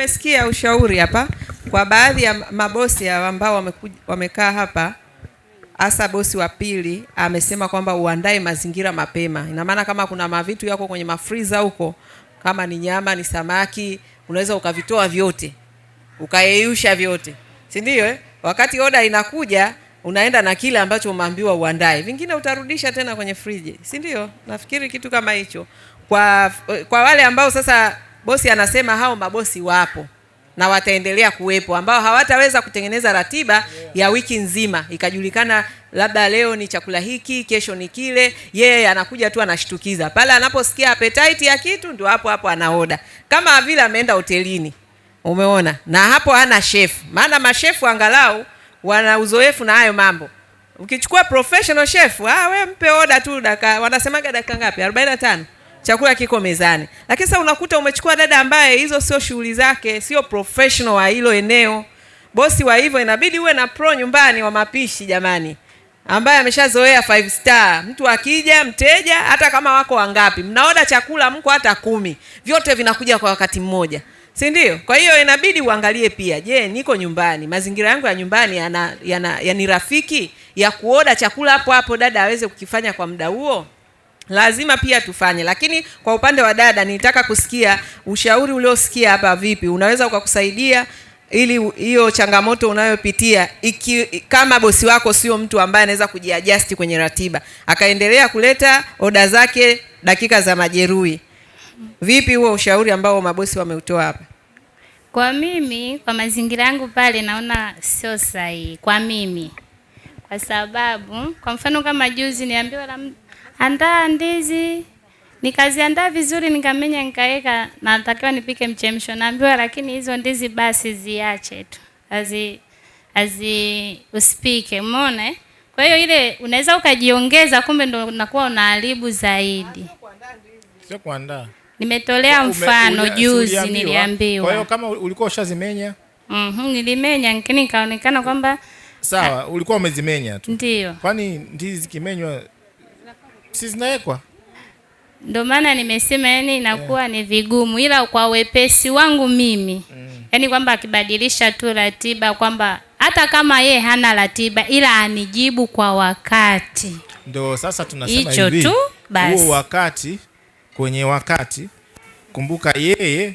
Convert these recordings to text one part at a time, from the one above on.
umesikia ushauri hapa kwa baadhi ya mabosi ambao wamekaa hapa, hasa bosi wa pili amesema kwamba uandae mazingira mapema. Ina maana kama kuna mavitu yako kwenye mafriza huko, kama ni nyama, ni samaki, unaweza ukavitoa vyote ukayeyusha vyote, si ndio? Eh, wakati oda inakuja unaenda na kile ambacho umeambiwa uandae, vingine utarudisha tena kwenye friji, si ndio? Nafikiri kitu kama hicho kwa kwa wale ambao sasa bosi anasema hao mabosi wapo na wataendelea kuwepo ambao hawataweza kutengeneza ratiba ya wiki nzima ikajulikana, labda leo ni chakula hiki, kesho ni kile. Yeye anakuja tu anashtukiza pale anaposikia appetite ya kitu, ndio hapo hapo anaoda, kama vile ameenda hotelini. Umeona, na hapo hana chef, maana mashefu angalau wana uzoefu na hayo mambo. Ukichukua professional chef, ah, we mpe oda tu dakika, wanasemaga dakika ngapi? 45 chakula kiko mezani. Lakini sasa unakuta umechukua dada ambaye hizo sio shughuli zake, sio professional wa hilo eneo, bosi wa hivyo, inabidi uwe na pro nyumbani wa mapishi jamani, ambaye ameshazoea five star. Mtu akija mteja, hata kama wako wangapi, mnaoda chakula mko hata kumi, vyote vinakuja kwa wakati mmoja, si ndio? Kwa hiyo inabidi uangalie pia, je, niko nyumbani, mazingira yangu ya nyumbani yana, yana, yani rafiki ya kuoda chakula hapo hapo dada aweze kukifanya kwa muda huo lazima pia tufanye. Lakini kwa upande wa dada, nitaka kusikia ushauri uliosikia hapa, vipi unaweza ukakusaidia ili hiyo changamoto unayopitia iki, kama bosi wako sio mtu ambaye anaweza kujiajasti kwenye ratiba akaendelea kuleta oda zake dakika za majeruhi. Vipi huo ushauri ambao mabosi wameutoa hapa? Kwa mimi, kwa mazingira yangu pale, naona sio sahihi kwa mimi, kwa sababu kwa mfano kama juzi niambiwa andaa ndizi nikaziandaa vizuri, nikamenya, nikaweka, natakiwa nipike mchemsho, naambiwa lakini hizo ndizi basi ziache tu, azi azi usipike, umeona. Eh? Kwa hiyo ile unaweza ukajiongeza, kumbe ndo unakuwa unaharibu zaidi, sio kuandaa. Nimetolea mfano juzi, niliambiwa. Kwa hiyo kama ulikuwa ushazimenya, mhm, nilimenya, lakini ikaonekana kwamba sawa, ulikuwa umezimenya tu, ndio. Kwani ndizi zikimenywa si zinawekwa Ndo maana nimesema yani inakuwa yeah, ni vigumu, ila kwa wepesi wangu mimi mm, yani kwamba akibadilisha tu ratiba, kwamba hata kama ye hana ratiba, ila anijibu kwa wakati. Ndo sasa tunasema hivi tu basi, wakati kwenye wakati. Kumbuka yeye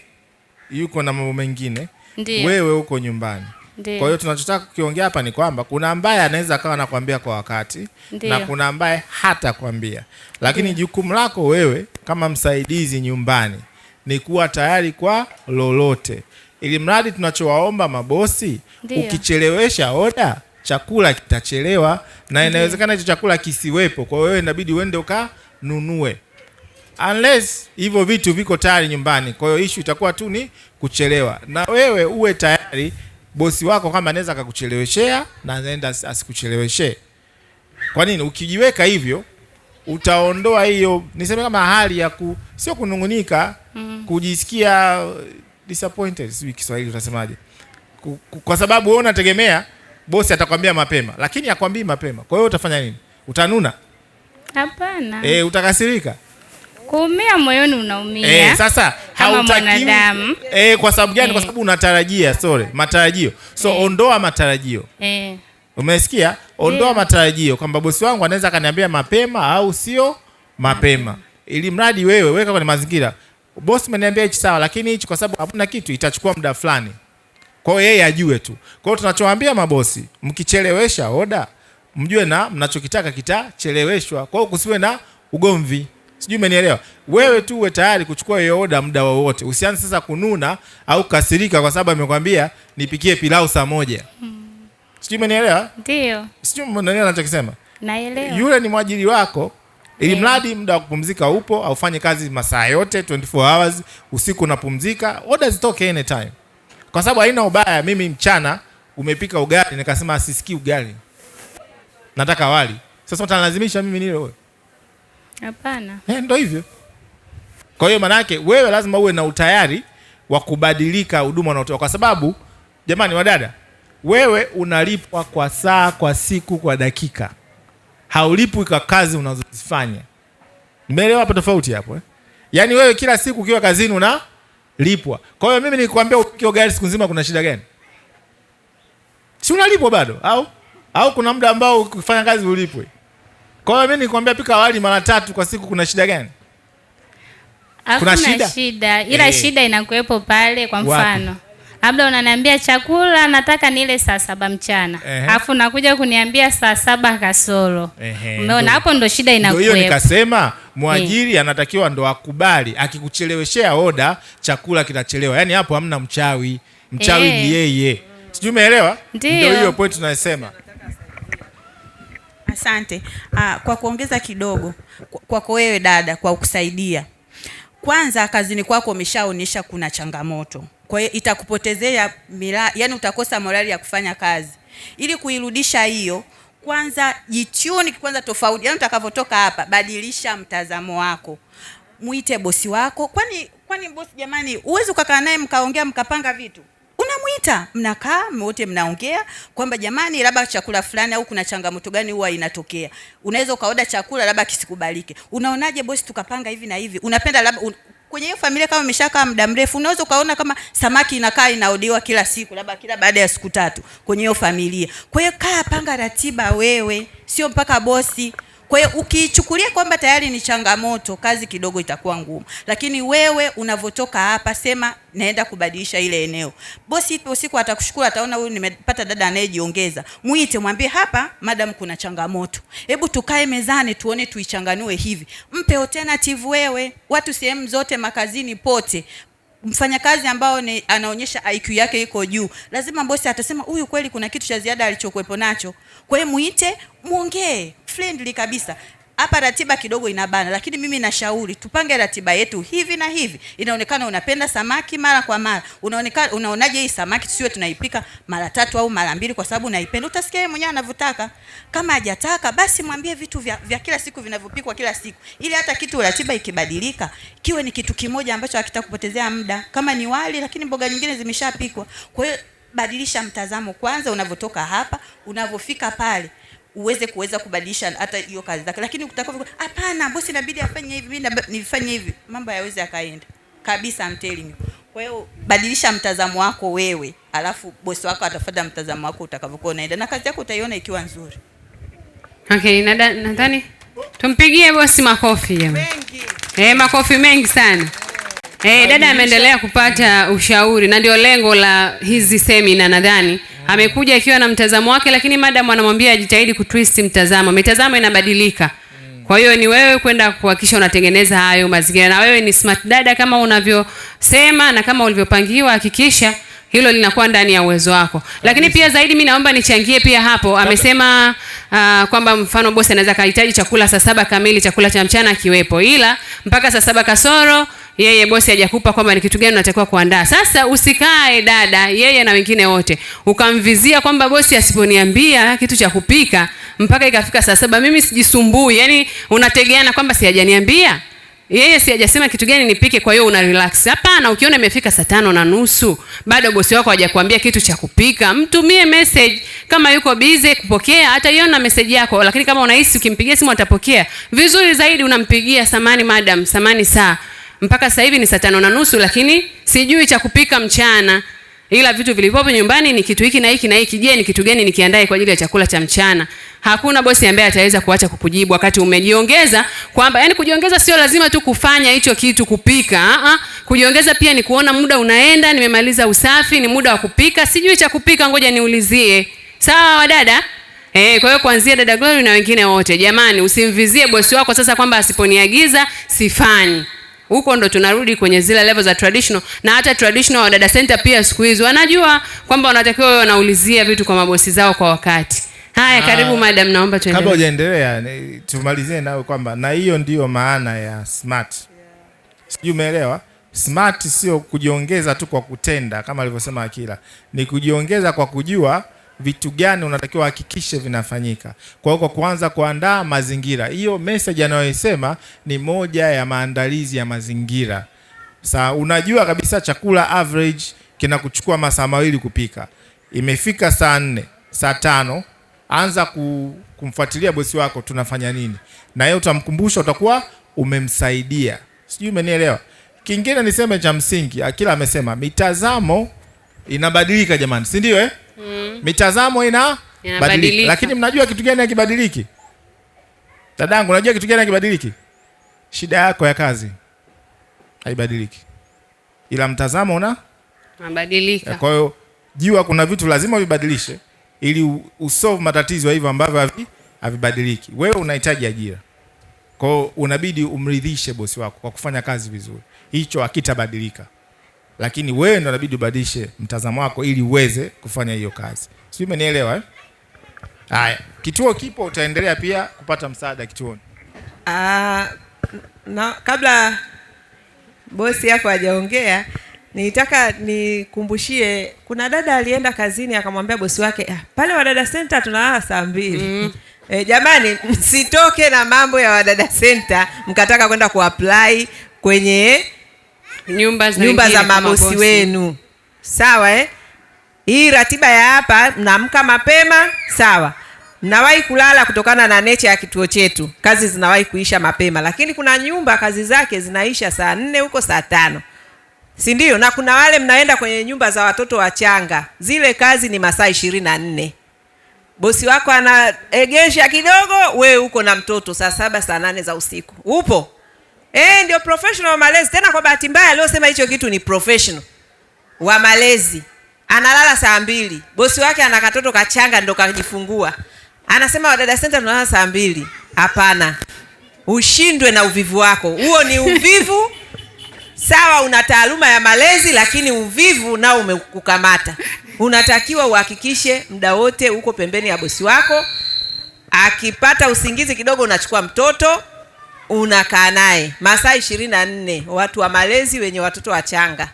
yuko na mambo mengine, wewe uko nyumbani. Kwa hiyo tunachotaka kukiongea hapa ni kwamba kuna ambaye anaweza akawa anakwambia kwa wakati Ndiyo. na kuna ambaye hata hatakwambia, lakini jukumu lako wewe kama msaidizi nyumbani ni kuwa tayari kwa lolote, ili mradi tunachowaomba mabosi Ndiyo. ukichelewesha oda chakula kitachelewa na inawezekana hicho chakula kisiwepo, kwa wewe inabidi uende ukanunue, unless hivyo vitu viko tayari nyumbani. Kwa hiyo issue itakuwa tu ni kuchelewa, na wewe uwe tayari bosi wako kama anaweza akakucheleweshea na anaenda asikucheleweshee. Kwa nini? Ukijiweka hivyo utaondoa hiyo, niseme kama hali ya ku, sio kunungunika mm. kujisikia uh, disappointed, sijui Kiswahili utasemaje, kwa sababu wewe unategemea bosi atakwambia mapema, lakini akwambii mapema. Kwa hiyo utafanya nini? Utanuna? Hapana. Eh, utakasirika, kuumia moyoni unaumia. Eh, sasa kama mwanadamu eh. Kwa sababu gani? Eh, kwa sababu unatarajia, sorry, matarajio so eh, ondoa matarajio eh. Umesikia? Ondoa yeah, matarajio kwamba bosi wangu anaweza akaniambia mapema au sio mapema, ili mradi wewe weka kwenye mazingira, bosi ameniambia hichi sawa, lakini hichi kwa sababu hakuna kitu, itachukua muda fulani, kwa hiyo yeye ajue tu. Kwa hiyo tunachowaambia mabosi, mkichelewesha oda, mjue na mnachokitaka kitacheleweshwa, kwa hiyo kusiwe na ugomvi sijui umenielewa. Wewe tu uwe tayari kuchukua hiyo oda muda wowote, usianze sasa kununa au kasirika kwa sababu amekwambia nipikie pilau saa moja. Hmm. Sijui umenielewa? Ndio, sijui umenielewa anachokisema? Naelewa. Yule ni mwajiri wako ili mradi muda wa kupumzika upo, aufanye kazi masaa yote 24 hours, usiku unapumzika, oda zitoke anytime, kwa sababu haina ubaya. Mimi mchana umepika ugali, nikasema sisikii ugali, nataka wali, sasa utanilazimisha mimi nile wewe? Hapana. Eh, ndio hivyo. Kwa hiyo yake wewe lazima uwe na utayari wa kubadilika huduma unaotoa, kwa sababu jamani, wadada, wewe unalipwa kwa saa, kwa siku, kwa dakika, haulipwi kwa kazi unazozifanya. Nimeelewa hapa tofauti hapo eh? Yaani wewe kila siku ukiwa kazini unalipwa. Kwa hiyo mimi nikwambia upike gari siku nzima, kuna shida gani? Si unalipwa bado? Au au kuna muda ambao ukifanya kazi ulipwe? Kwa hiyo mimi nikwambia pika wali mara tatu kwa siku, kuna shida gani? Hakuna shida, shida ila hey, eh. shida inakuwepo pale. Kwa mfano labda unaniambia chakula nataka nile saa saba mchana alafu uh -huh. nakuja kuniambia saa saba kasoro umeona, uh -huh. hapo ndo shida inakuwepo. Hiyo nikasema mwajiri hey, eh. anatakiwa ndo akubali, akikucheleweshea oda chakula kinachelewa, yaani hapo hamna mchawi, mchawi ni hey, eh. yeye, sijui umeelewa? Ndio hiyo point tunasema. Asante. Aa, ah, kwa kuongeza kidogo kwako wewe dada kwa kukusaidia. Kwanza kazini kwako umeshaonyesha kuna changamoto. Kwa hiyo itakupotezea mira, yani utakosa morali ya kufanya kazi. Ili kuirudisha hiyo, kwanza jituni kwanza tofauti. Yani utakavotoka hapa, badilisha mtazamo wako. Muite bosi wako. Kwani kwani bosi jamani, huwezi ukakaa naye mkaongea mkapanga vitu? mnamwita, mnakaa wote mnaongea kwamba jamani, labda chakula fulani au kuna changamoto gani huwa inatokea, unaweza ukaoda chakula labda kisikubalike, unaonaje bosi, tukapanga hivi na hivi, unapenda labda un kwenye hiyo familia kama imeshakaa muda mrefu, unaweza ukaona kama samaki inakaa inaodiwa kila siku, labda kila baada ya siku tatu kwenye hiyo familia. Kwa hiyo kaa, panga ratiba wewe, sio mpaka bosi. Kwa hiyo ukiichukulia kwamba tayari ni changamoto, kazi kidogo itakuwa ngumu, lakini wewe unavotoka hapa, sema naenda kubadilisha ile eneo. Bosi ipo siku atakushukuru, ataona huyu nimepata dada anayejiongeza. Mwite, mwambie hapa, madam, kuna changamoto, hebu tukae mezani tuone tuichanganue hivi. Mpe alternative wewe. Watu sehemu zote makazini pote mfanyakazi ambao ni anaonyesha IQ yake iko juu, lazima bosi atasema huyu kweli kuna kitu cha ziada alichokuwepo nacho. Kwa hiyo muite, muongee friendly kabisa. Hapa ratiba kidogo inabana, lakini mimi nashauri tupange ratiba yetu hivi na hivi. Inaonekana unapenda samaki mara kwa mara, unaonekana unaonaje hii samaki tusiwe tunaipika mara tatu au mara mbili, kwa sababu unaipenda. Utasikia yeye mwenyewe anavyotaka. Kama hajataka basi mwambie vitu vya, vya kila siku vinavyopikwa kila siku, ili hata kitu ratiba ikibadilika kiwe ni kitu kimoja ambacho hakitakupotezea muda. Kama ni wali, lakini mboga nyingine zimeshapikwa. Kwa hiyo badilisha mtazamo kwanza, unavyotoka hapa unavyofika pale uweze kuweza kubadilisha hata hiyo kazi zake. lakini ukitaka hapana, bosi inabidi afanye hivi, mimi nifanye hivi, mambo hayawezi akaenda kabisa, I'm telling you. Kwa hiyo badilisha mtazamo wako wewe, alafu bosi wako atafuata mtazamo wako utakavyokuwa unaenda, na kazi yako utaiona ikiwa nzuri. Okay, nadhani tumpigie bosi makofi jamani. Eh, makofi mengi sana. Eh, hey, dada ameendelea kupata ushauri na ndio lengo la hizi semina nadhani Amekuja akiwa na mtazamo wake, lakini madam anamwambia ajitahidi kutwist mtazamo. Mitazamo inabadilika. Mm. Kwa hiyo ni wewe kwenda kuhakikisha unatengeneza hayo mazingira, na wewe ni smart dada kama unavyosema na kama ulivyopangiwa, hakikisha hilo linakuwa ndani ya uwezo wako. Lakini pia zaidi, mimi naomba nichangie pia hapo. Amesema uh, kwamba mfano bosi anaweza kahitaji chakula saa saba kamili, chakula cha mchana kiwepo, ila mpaka saa saba kasoro yeye bosi hajakupa kwamba ni kitu gani unatakiwa kuandaa. Sasa usikae dada, yeye na wengine wote, ukamvizia kwamba bosi asiponiambia kitu cha kupika mpaka ikafika saa saba mimi sijisumbui. Yani unategeana kwamba si hajaniambia yeye si hajasema kitu gani nipike, kwa hiyo una relax. Hapana, ukiona imefika saa tano na nusu bado bosi wako hajakuambia kitu cha kupika, mtumie message. Kama yuko busy kupokea, hata na message yako, lakini kama unahisi ukimpigia simu atapokea vizuri zaidi, unampigia samani madam, samani saa mpaka sasa hivi ni saa tano na nusu, lakini sijui cha kupika mchana, ila vitu vilivyopo nyumbani ni kitu hiki na hiki na hiki. Je, ni kitu gani nikiandae kwa ajili ya chakula cha mchana? Hakuna bosi ambaye ataweza kuacha kukujibu wakati umejiongeza kwamba, yani kujiongeza sio lazima tu kufanya hicho kitu kupika. A ah, ah. kujiongeza pia ni kuona muda unaenda, nimemaliza usafi, ni muda wa kupika, sijui cha kupika, ngoja niulizie. Sawa dada? Eh, kwa hiyo kuanzia dada Glory na wengine wote, jamani, usimvizie bosi wako sasa kwamba asiponiagiza sifanyi huko ndo tunarudi kwenye zile level za traditional, na hata traditional wa data center pia siku hizi wanajua kwamba wanatakiwa wao wanaulizia vitu kwa mabosi zao kwa wakati. Haya, ah, karibu madam, naomba tuendelee. Kabla hujaendelea, tumalizie nawe kwamba na hiyo ndiyo maana ya smart, sijui umeelewa. Smart sio kujiongeza tu kwa kutenda kama alivyosema Akila, ni kujiongeza kwa kujua vitu gani unatakiwa uhakikishe vinafanyika. Kwa hiyo kwa kuanza kuandaa mazingira, hiyo message anayoisema ni moja ya maandalizi ya mazingira. Sasa unajua kabisa chakula average kinakuchukua masaa mawili kupika, imefika saa nne saa tano anza kumfuatilia bosi wako, tunafanya nini, na yeye utamkumbusha, utakuwa umemsaidia. Sijui umenielewa. Kingine niseme cha msingi, Akila amesema mitazamo inabadilika jamani, si ndio eh? Mm-hmm. mitazamo ina badilika. Lakini mnajua kitu gani hakibadiliki? Dadangu, unajua kitu gani hakibadiliki? Shida yako ya kazi haibadiliki, ila mtazamo una mabadilika. Kwa hiyo jua kuna vitu lazima vibadilishe ili usolve matatizo hivyo ambavyo havibadiliki. Wewe unahitaji ajira, kwa hiyo unabidi umridhishe bosi wako kwa kufanya kazi vizuri, hicho hakitabadilika lakini wewe ndo inabidi ubadilishe mtazamo wako ili uweze kufanya hiyo kazi. Sijui umenielewa eh? Haya, kituo kipo, utaendelea pia kupata msaada kituoni. Ah, na kabla bosi hapo hajaongea nilitaka nikumbushie, kuna dada alienda kazini akamwambia bosi wake ah, pale Wadada Center tunalala saa mbili. mm. E, jamani msitoke na mambo ya Wadada Center mkataka kwenda kuapply kwenye nyumba za, nyumba za mabosi wenu, sawa eh? Hii ratiba ya hapa, mnaamka mapema sawa, mnawahi kulala kutokana na nature ya kituo chetu, kazi zinawahi kuisha mapema, lakini kuna nyumba kazi zake zinaisha saa nne huko saa tano si ndio? Na kuna wale mnaenda kwenye nyumba za watoto wachanga, zile kazi ni masaa ishirini na nne. Bosi wako anaegesha kidogo, wewe uko na mtoto saa saba saa nane za usiku, upo Eh, ndio professional wa malezi. Tena kwa bahati mbaya aliyosema hicho kitu ni professional wa malezi. Analala saa mbili. Bosi wake ana katoto kachanga ndo kajifungua. Anasema Wadada Center tunalala saa mbili. Hapana. Ushindwe na uvivu wako. Huo ni uvivu. Sawa, una taaluma ya malezi lakini uvivu nao umekukamata. Unatakiwa uhakikishe muda wote uko pembeni ya bosi wako. Akipata usingizi kidogo, unachukua mtoto unakaa naye masaa ishirini na nne, watu wa malezi wenye watoto wachanga.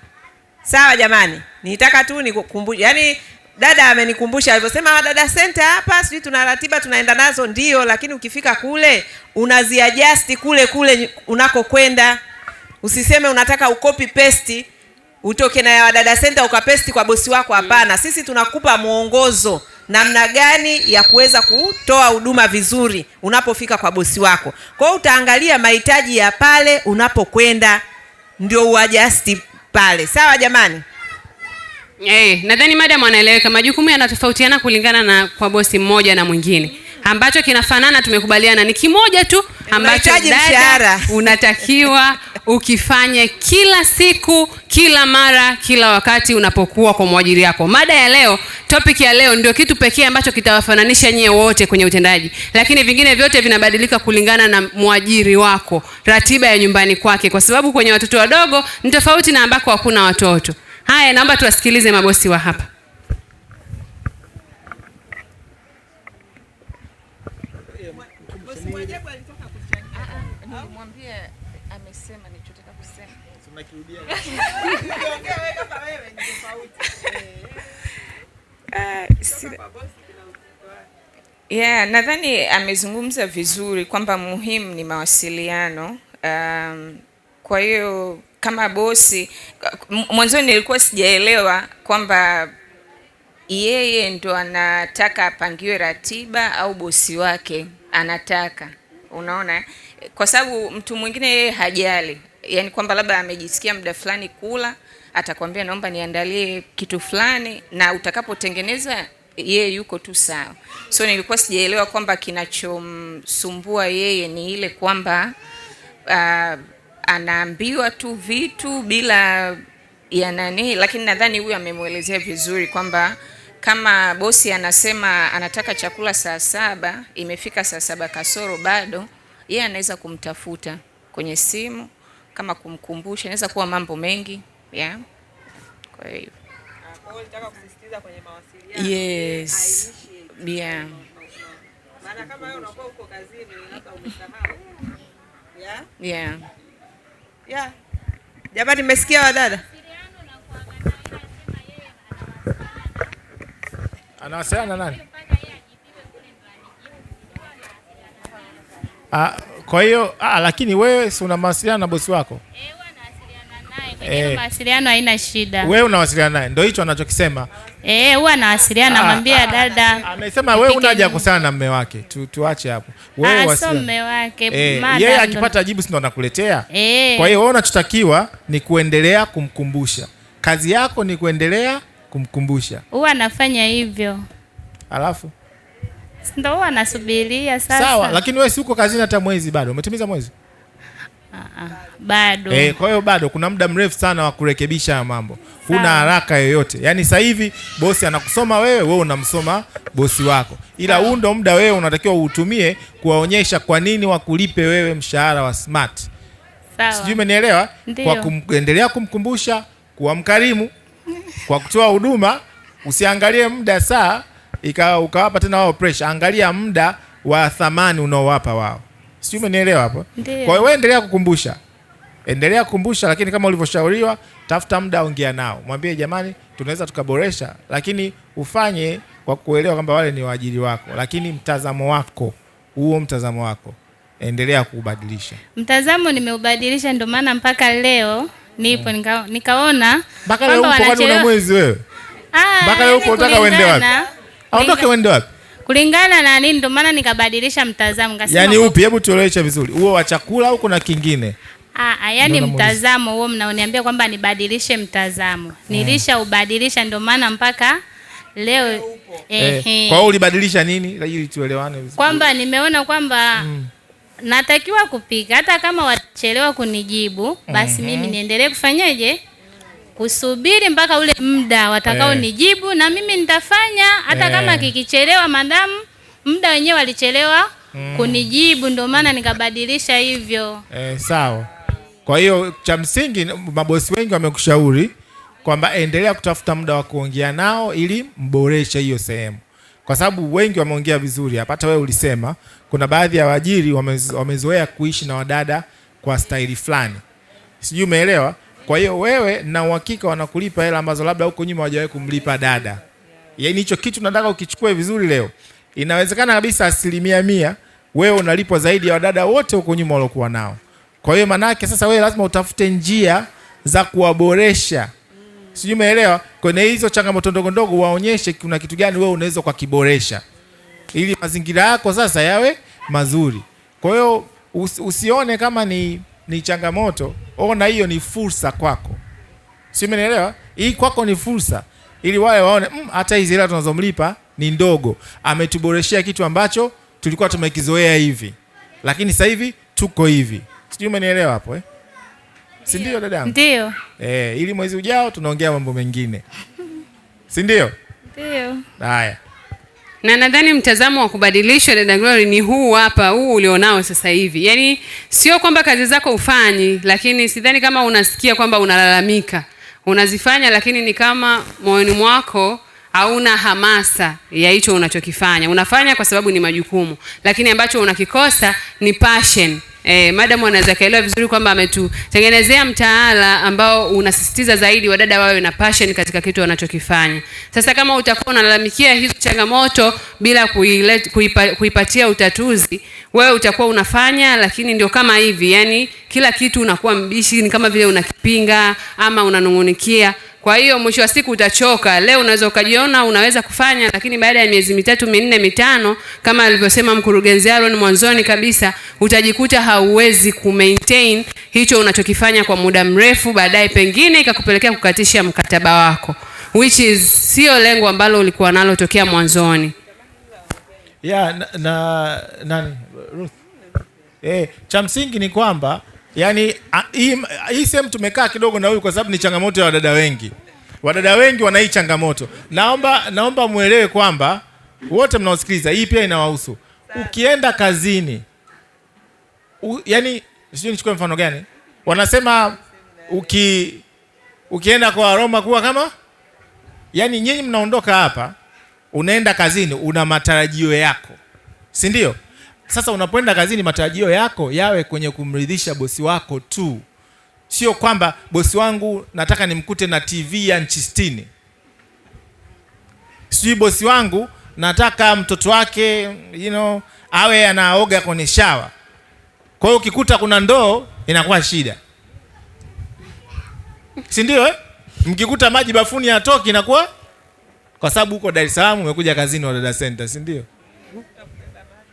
Sawa jamani, nitaka tu nikukumbushe, yaani dada amenikumbusha alivyosema Wadada ah, center hapa, sijui tuna ratiba tunaenda nazo, ndio lakini ukifika kule unaziajasti kule kule unakokwenda. Usiseme unataka ukopi pesti utoke na ya Wadada center ukapesti kwa bosi wako, hapana. Sisi tunakupa mwongozo namna gani ya kuweza kutoa huduma vizuri unapofika kwa bosi wako. Kwa hiyo utaangalia mahitaji ya pale unapokwenda ndio uajasti pale. Sawa jamani? Eh, hey, nadhani madam anaeleweka. Majukumu yanatofautiana kulingana na kwa bosi mmoja na mwingine ambacho kinafanana, tumekubaliana ni kimoja tu ambacho dada unatakiwa ukifanye kila siku, kila mara, kila wakati unapokuwa kwa mwajiri yako. Mada ya leo, topic ya leo ndio kitu pekee ambacho kitawafananisha nyie wote kwenye utendaji, lakini vingine vyote vinabadilika kulingana na mwajiri wako, ratiba ya nyumbani kwake, kwa sababu kwenye watoto wadogo ni tofauti na ambako hakuna watoto. Haya, naomba tuwasikilize mabosi wa hapa. Nilimwambia ah, ah, amesema nichotaka kusema. Eh, eh, yeah, nadhani amezungumza vizuri kwamba muhimu ni mawasiliano. Um, kwa hiyo kama bosi, mwanzoni nilikuwa sijaelewa kwamba yeye ndo anataka apangiwe ratiba au bosi wake anataka, unaona, kwa sababu mtu mwingine yeye hajali, yani kwamba labda amejisikia muda fulani kula, atakwambia naomba niandalie kitu fulani, na utakapotengeneza yeye yuko tu sawa. So nilikuwa sijaelewa kwamba kinachomsumbua yeye ni ile kwamba uh, anaambiwa tu vitu bila ya nani, lakini nadhani huyu amemwelezea vizuri kwamba kama bosi anasema anataka chakula saa saba, imefika saa saba kasoro bado, yeye anaweza kumtafuta kwenye simu kama kumkumbusha, inaweza kuwa mambo mengi yeah. Kwa hiyo yes, yeah. Yeah. Yeah. Jamani, mmesikia wadada? anawasiliana na nani? Ah, kwa hiyo ah, lakini wewe si una mawasiliano na bosi wako? Eh, eh. Mawasiliano haina shida. Wewe unawasiliana naye, ndio hicho anachokisema. Eh, huwa anawasiliana, ah, namwambia ah, ah, dada. Amesema wewe unaja kusana na mume wake. Tu, tuache hapo. Wewe wasiliana. So mume wake e, yeye akipata jibu si ndo anakuletea. E. Kwa hiyo wewe unachotakiwa ni kuendelea kumkumbusha. Kazi yako ni kuendelea kumkumbusha. Huwa anafanya hivyo. Alafu ndio huwa anasubiria sasa. Sawa, lakini wewe si uko kazini hata mwezi bado. Umetimiza mwezi? Aa, ah, ah, bado. Eh, kwa hiyo bado kuna muda mrefu sana wa kurekebisha mambo. Huna haraka yoyote. Yaani sasa hivi bosi anakusoma wewe, wewe unamsoma bosi wako. Ila huu ndo muda wewe unatakiwa uutumie kuwaonyesha kwa nini wakulipe wewe mshahara wa smart. Sijui umenielewa? Kwa kuendelea kumkumbusha, kuwa mkarimu kwa kutoa huduma. Usiangalie muda saa ika ukawapa tena wao pressure, angalia muda wa thamani unaowapa wao, Sio, umenielewa hapo. Kwa hiyo wewe endelea kukumbusha, endelea kukumbusha, lakini kama ulivyoshauriwa, tafuta muda, ongea nao, mwambie jamani, tunaweza tukaboresha, lakini ufanye kwa kuelewa kwamba wale ni waajiri wako, lakini mtazamo wako huo, mtazamo wako endelea kuubadilisha. Mtazamo nimeubadilisha, ndio maana mpaka leo nipo nika, nikaona mpaka leo uko una mwezi wewe, ah, mpaka leo uko unataka uende wapi? Aondoke uende wapi? kulingana na nini? Ndio maana nikabadilisha mtazamo, ngasema yani upi? Hebu tueleweshe vizuri, huo wa chakula au kuna kingine? Aa, ah, ah, yani mtazamo huo mnaoniambia kwamba nibadilishe mtazamo, eh. nilishaubadilisha ndio maana mpaka leo eh, eh. Kwa hiyo ulibadilisha nini ili tuelewane vizuri, kwamba nimeona kwamba mm natakiwa kupika, hata kama wachelewa kunijibu basi mm -hmm. mimi niendelee kufanyaje kusubiri mpaka ule muda watakao eh. nijibu, na mimi nitafanya hata hey. Eh. kama kikichelewa, madamu muda wenyewe walichelewa mm. kunijibu, ndio maana nikabadilisha hivyo hey, eh, sawa. Kwa hiyo cha msingi, mabosi wengi wamekushauri kwamba endelea kutafuta muda wa kuongea nao ili mboreshe hiyo sehemu kwa sababu wengi wameongea vizuri hapa. Hata wewe ulisema kuna baadhi ya waajiri wamezoea kuishi na wadada kwa staili fulani, sijui umeelewa. Kwa hiyo wewe na uhakika wanakulipa hela ambazo labda huko nyuma hawajawahi kumlipa dada. Yaani hicho kitu nataka ukichukue vizuri leo. Inawezekana kabisa asilimia mia wewe unalipwa zaidi ya wadada wote huko nyuma waliokuwa nao. Kwa hiyo manake sasa wewe lazima utafute njia za kuwaboresha sijui umeelewa. Kwenye hizo changamoto ndogo ndogo waonyeshe kuna kitu gani wewe unaweza kukiboresha ili mazingira yako sasa yawe mazuri. Kwa hiyo usione kama ni, ni changamoto, ona hiyo ni fursa kwako, sijui umeelewa. Hii kwako ni fursa ili wale waone mm, hata hizi hela tunazomlipa ni ndogo, ametuboreshea kitu ambacho tulikuwa tumekizoea hivi, lakini sasa hivi tuko hivi, sijui umeelewa hapo eh? si ndio dada? Ndio. Eh, ili mwezi ujao tunaongea mambo mengine si ndio? Ndio. Haya, na nadhani mtazamo wa kubadilishwa dada Glory ni huu hapa, huu ulionao sasa hivi. Yaani sio kwamba kazi zako ufanyi, lakini sidhani kama unasikia kwamba unalalamika. Unazifanya lakini ni kama moyoni mwako hauna hamasa ya hicho unachokifanya. Unafanya kwa sababu ni majukumu, lakini ambacho unakikosa ni passion Eh, madam anaweza kaelewa vizuri kwamba ametutengenezea mtaala ambao unasisitiza zaidi wadada wawe na passion katika kitu wanachokifanya. Sasa kama utakuwa unalalamikia hizo changamoto bila kuilet, kuipa, kuipatia utatuzi, wewe utakuwa unafanya lakini ndio kama hivi, yani kila kitu unakuwa mbishi, ni kama vile unakipinga ama unanung'unikia. Kwa hiyo mwisho wa siku utachoka. Leo unaweza ukajiona unaweza kufanya, lakini baada ya miezi mitatu minne mitano, kama alivyosema mkurugenzi Aaron mwanzoni kabisa, utajikuta hauwezi kumaintain hicho unachokifanya kwa muda mrefu, baadaye pengine ikakupelekea kukatisha mkataba wako, which is sio lengo ambalo ulikuwa nalo tokea mwanzoni. Yeah, na, na, nani Ruth, eh, cha msingi ni kwamba Yaani hii sehemu tumekaa kidogo na huyu kwa sababu ni changamoto ya wadada wengi. Wadada wengi wana hii changamoto. Naomba naomba muelewe kwamba wote mnaosikiliza hii pia inawahusu. Ukienda kazini u, yani sijui nichukue mfano gani? Wanasema uki ukienda kwa Roma kuwa kama yani nyinyi mnaondoka hapa unaenda kazini una matarajio yako. Si ndio? Sasa unapoenda kazini, matarajio yako yawe kwenye kumridhisha bosi wako tu, sio kwamba bosi wangu nataka nimkute na TV ya nchi stini sijui bosi wangu nataka mtoto wake you know, awe anaoga kwenye shawa. Kwa hiyo ukikuta kuna ndoo inakuwa shida, si ndio eh? Mkikuta maji bafuni yatoki inakuwa, kwa sababu huko Dar es Salaam umekuja kazini Wadada Center, si ndio?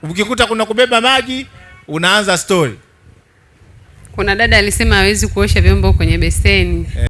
Ukikuta kuna kubeba maji, unaanza stori. Kuna dada alisema hawezi kuosha vyombo kwenye beseni eh.